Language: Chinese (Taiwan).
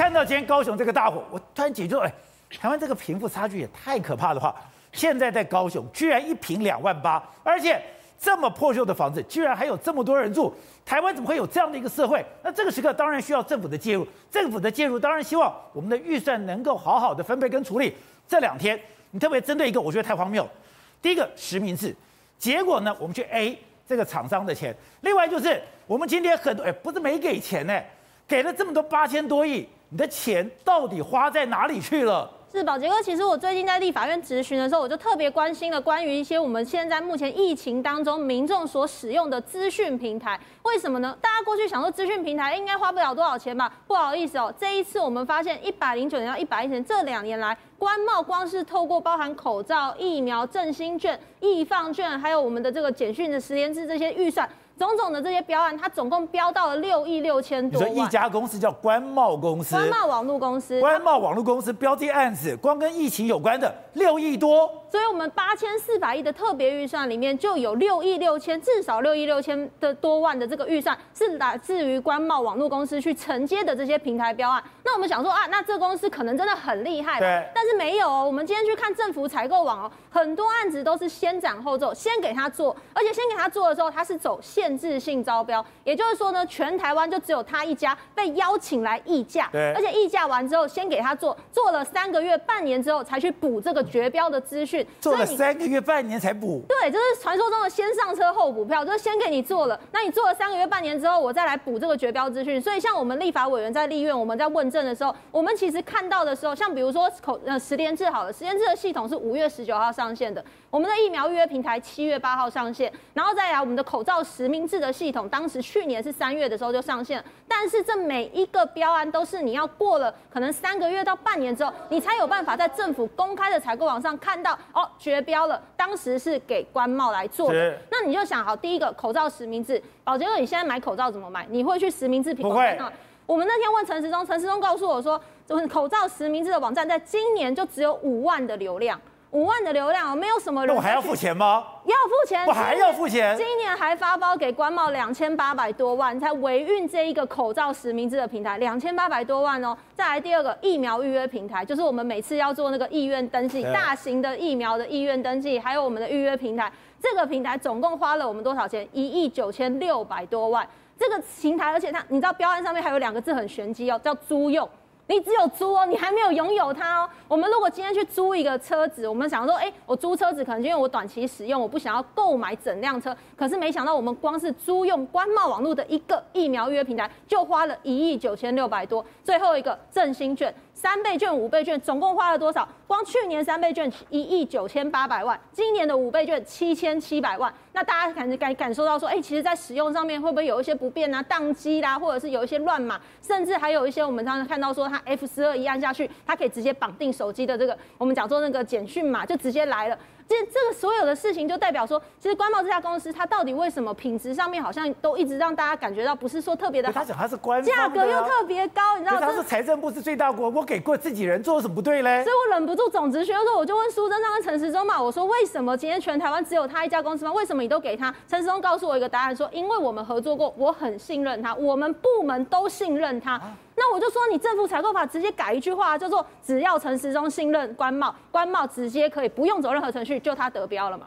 看到今天高雄這個大火，我突然警覺說，哎，台灣這個貧富差距也太可怕的話。現在在高雄居然一坪兩萬八，而且這麼破舊的房子，居然還有這麼多人住，台灣怎麼會有這樣的一個社會？那這個時刻當然需要政府的介入，政府的介入當然希望我們的預算能夠好好的分配跟處理。這兩天你特別針對一個，我覺得太荒謬第一個實名制，結果呢，我們去 A 這個廠商的錢。另外就是我們今天很多哎，不是沒給錢呢、欸，給了這麼多八千多億。你的錢到底花在哪裡去了？是寶傑哥，其實我最近在立法院質詢的時候，我就特別關心了關於一些我們現在目前疫情當中民眾所使用的資訊平台，為什麼呢？大家過去想說資訊平台應該花不了多少錢吧？不好意思哦，這一次我們發現一百零九年到一百一十年這兩年來，關貿光是透過包含口罩、疫苗、振興券、易放券，還有我們的這個簡訊的實聯制這些預算。種種的這些標案，它總共標到了六億六千多。你說一家公司叫關貿公司，關貿網路公司，關貿網路公司標的案子，光跟疫情有關的六億多。所以，我們八千四百億的特別預算裡面，就有六億六千，至少六億六千的多萬的這個預算，是來自於關貿網絡公司去承接的這些平台標案。那我們想說啊，那這公司可能真的很厲害，對。但是沒有，哦，我們今天去看政府採購網哦，很多案子都是先斬後奏，先給他做，而且先給他做的時候，他是走限制性招標，也就是說呢，全台灣就只有他一家被邀請來議價，對。而且議價完之後，先給他做，做了三個月、半年之後，才去補這個決標的資訊。嗯做了三個月、半年才補，對，就是傳說中的先上車後補票，就是先給你做了，那你做了三個月、半年之後，我再來補這個決標資訊。所以，像我們立法委員在立院，我們在問政的時候，我們其實看到的時候，像比如說口呃實聯制好了，實聯制的系統是五月十九號上線的，我們的疫苗預約平台七月八號上線，然後再來我們的口罩實名制的系統，當時去年是三月的時候就上線，但是這每一個標案都是你要過了可能三個月到半年之後，你才有辦法在政府公開的採購網上看到。哦，決標了，當時是給關貿來做的。是那你就想好，第一個口罩實名制，寶傑你現在買口罩怎麼買？你會去實名制平台嗎？會我們那天問陳時中，陳時中告訴我說，口罩實名制的網站在今年就只有五萬的流量。五萬的流量哦，沒有什麼人還。那我還要付錢嗎？要付錢。不還要付錢？今年還發包給關貿兩千八百多萬，才維運這一個口罩實名制的平台，兩千八百多萬哦。再來第二個疫苗預約平台，就是我們每次要做那個意願登記，了大型的疫苗的意願登記，還有我們的預約平台，這個平台總共花了我們多少錢？一億九千六百多萬。這個平台，而且它，你知道標案上面還有兩個字很玄機哦，叫租用。你只有租哦，你還沒有擁有它哦。我們如果今天去租一個車子，我們想說，誒、欸，我租車子可能就因為我短期使用，我不想要購買整輛車。可是沒想到，我們光是租用關貿網絡的一個疫苗預約平台，就花了一億九千六百多。最後一個振興券。三倍券、五倍券，總共花了多少？光去年三倍券一億九千八百萬，今年的五倍券七千七百萬。那大家感感感受到說，哎、欸，其實，在使用上面會不會有一些不便啊、宕機啦，或者是有一些亂碼，甚至還有一些我們剛剛看到說，它 F 十二一按下去，它可以直接綁定手機的這個我們講說那個簡訊碼，就直接來了。其實這個所有的事情，就代表說，其實關貿這家公司，它到底為什麼品質上面好像都一直讓大家感覺到不是說特別的好。他講他是官、啊、價格又特別高，你知道嗎？是他是財政部是最大國，我給過自己人，做什麼不對嘞？所以，我忍不住總質詢說，我就問蘇貞昌、那個、跟陳時中嘛，我說為什麼今天全台灣只有他一家公司嗎？為什麼你都給他？陳時中告訴我一個答案，說因為我們合作過，我很信任他，我們部門都信任他。啊我就說，你政府採購法直接改一句話，啊，叫做“只要陳時中信任關貿，關貿直接可以不用走任何程序，就他得標了嘛。”